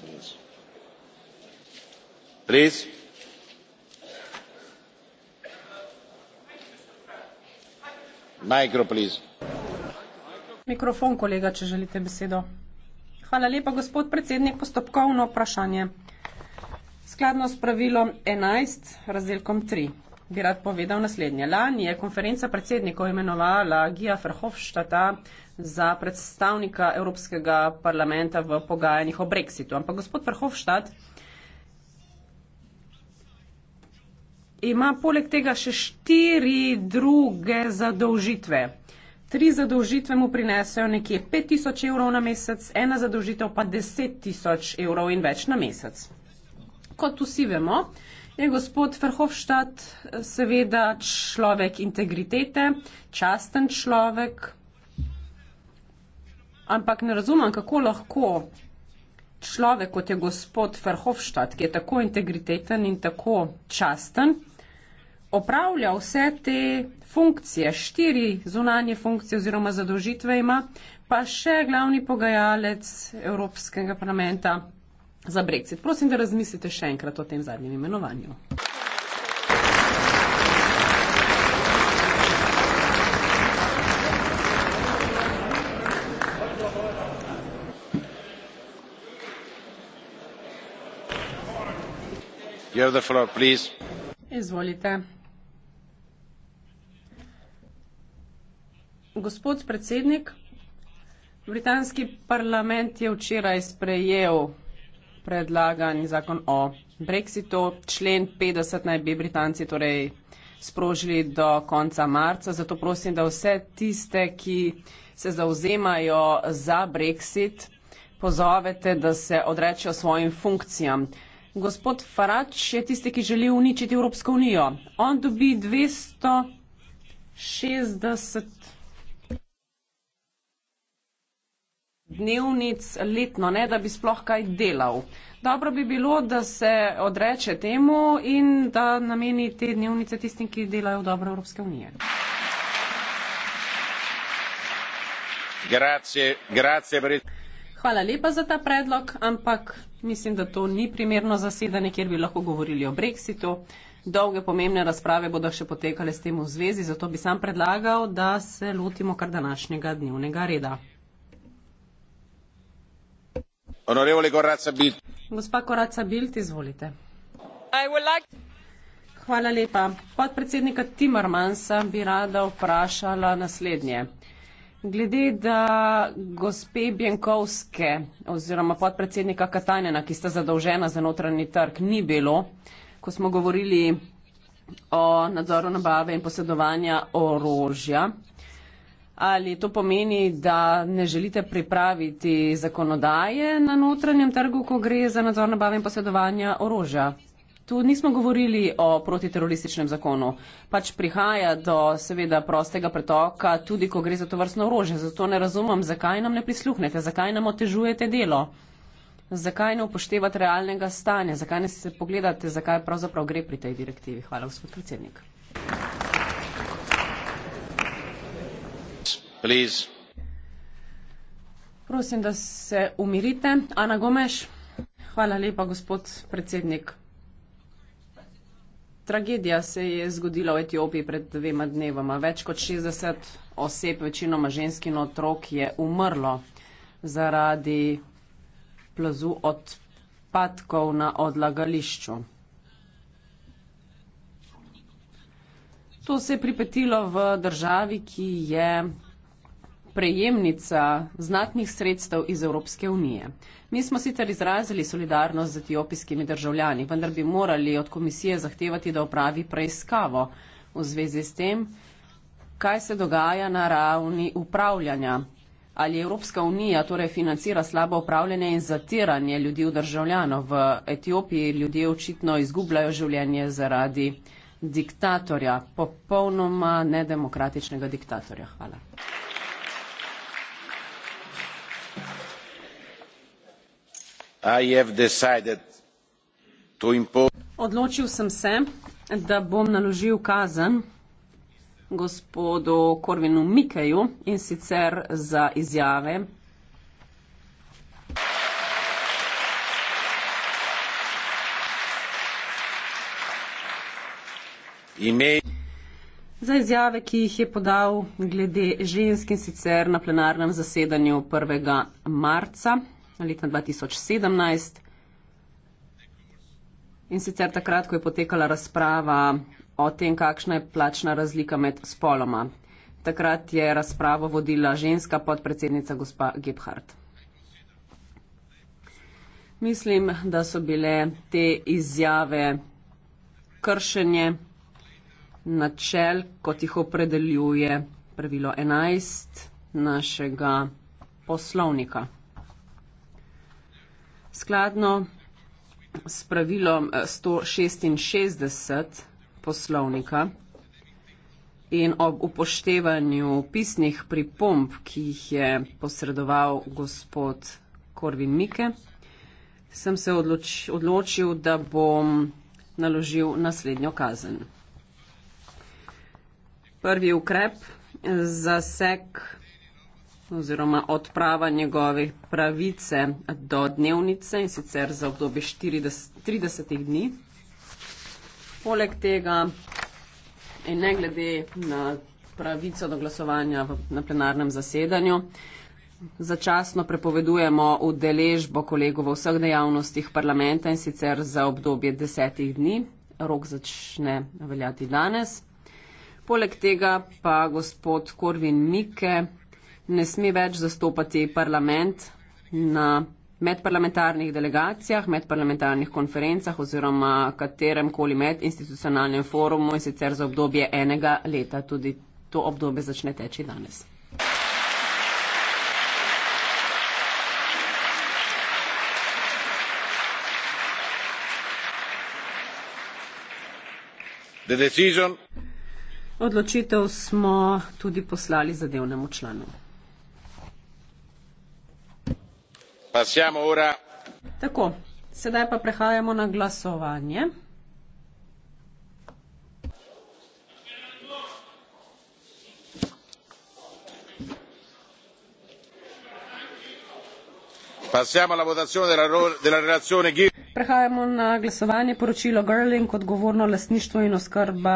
please. please. gospod predsednik postopkovno vprašanje skladno s pravilom enajst razdelkom tri bi rad povedal naslednje. Lani je konferenca predsednikov imenovala Gija Verhofstata za predstavnika Evropskega parlamenta v pogajanjih o Brexitu. Ampak gospod Verhofstat ima poleg tega še štiri druge zadolžitve. Tri zadolžitve mu prinesejo nekje 5000 evrov na mesec, ena zadolžitev pa 10 tisoč evrov in več na mesec kot vsi vemo, je gospod Verhofstadt eh, seveda človek integritete, časten človek, ampak ne razumem, kako lahko človek, kot je gospod Verhofstadt, ki je tako integriteten in tako časten, opravlja vse te funkcije, štiri zunanje funkcije oziroma zadožitve ima, pa še glavni pogajalec Evropskega parlamenta za Brexit. Prosim, da razmislite še enkrat o tem zadnjem imenovanju. Floor, Izvolite. Gospod predsednik, britanski parlament je včeraj sprejel predlagan zakon o brexitu. Člen 50 naj bi Britanci torej sprožili do konca marca. Zato prosim, da vse tiste, ki se zauzemajo za brexit, pozovete, da se odrečijo svojim funkcijam. Gospod Farač je tisti, ki želi uničiti Evropsko unijo. On dobi 260. dnevnic letno, ne da bi sploh kaj delal. Dobro bi bilo, da se odreče temu in da nameni te dnevnice tistim, ki delajo v dobro Evropske unije. Grazie, grazie pre... Hvala lepa za ta predlog, ampak mislim, da to ni primerno zasedanje, kjer bi lahko govorili o brexitu. Dolge pomembne razprave bodo še potekale s tem v zvezi, zato bi sam predlagal, da se lotimo kar današnjega dnevnega reda podpredsednika timmermansa bi rada vprašala naslednje glede da gospe biekowske oziroma podpredsednika katainena ki sta zadolžena za notranji trg ni bilo ko smo govorili o nadzoru nabave in posedovanja orožja Ali to pomeni, da ne želite pripraviti zakonodaje na notranjem trgu, ko gre za nadzor nabave in posedovanja orožja? Tu nismo govorili o protiterorističnem zakonu. Pač prihaja do seveda prostega pretoka, tudi ko gre za to vrstno orožje. Zato ne razumem, zakaj nam ne prisluhnete, zakaj nam otežujete delo, zakaj ne upoštevate realnega stanja, zakaj ne se pogledate, zakaj pravzaprav gre pri tej direktivi. Hvala, gospod predsednik. Prosim, da se umirite. Ana Gomeš. Hvala lepa, gospod predsednik. Tragedija se je zgodila v Etiopiji pred dvema dnevoma. Več kot 60 oseb, večinoma žensk in otrok, je umrlo zaradi plazu odpadkov na odlagališču. To se je pripetilo v državi, ki je prejemnica znatnih sredstev iz Evropske unije. Mi smo sicer izrazili solidarnost z etiopijskimi državljani, vendar bi morali od komisije zahtevati, da opravi preiskavo v zvezi s tem, kaj se dogaja na ravni upravljanja. Ali Evropska unija torej financira slabo upravljanje in zatiranje ljudi v državljanov? V Etiopiji ljudje očitno izgubljajo življenje zaradi diktatorja, popolnoma nedemokratičnega diktatorja. Hvala. odločil sem se da bom naložil kazen gospodu corwinu mikkeju in sicer za izjave za izjave ki jih je podal glede žensk in sicer na plenarnem zasedanju prvega marca leta 2017. In sicer takrat, ko je potekala razprava o tem, kakšna je plačna razlika med spoloma. Takrat je razpravo vodila ženska podpredsednica gospa Gebhardt. Mislim, da so bile te izjave kršenje načel, kot jih opredeljuje pravilo 11 našega poslovnika. Skladno s pravilom 166 eh, poslovnika in ob upoštevanju pisnih pripomb, ki jih je posredoval gospod Korvin Mike, sem se odloč, odločil, da bom naložil naslednjo kazen. Prvi ukrep za sek oziroma odprava njegove pravice do dnevnice in sicer za obdobje 40, 30 dni. Poleg tega in ne glede na pravico do glasovanja v, na plenarnem zasedanju, začasno prepovedujemo udeležbo kolegov v vseh dejavnostih parlamenta in sicer za obdobje desetih dni. Rok začne veljati danes. Poleg tega pa gospod Korvin Mike ne sme več zastopati parlament na medparlamentarnih delegacijah, medparlamentarnih konferencah oziroma kateremkoli medinstitucionalnem forumu in sicer za obdobje enega leta. Tudi to obdobje začne teči danes. Odločitev smo tudi poslali zadevnemu članu. Tako, sedaj pa prehajamo na glasovanje. Prehajamo na glasovanje poročilo Girling, odgovorno lastništvo in oskrba.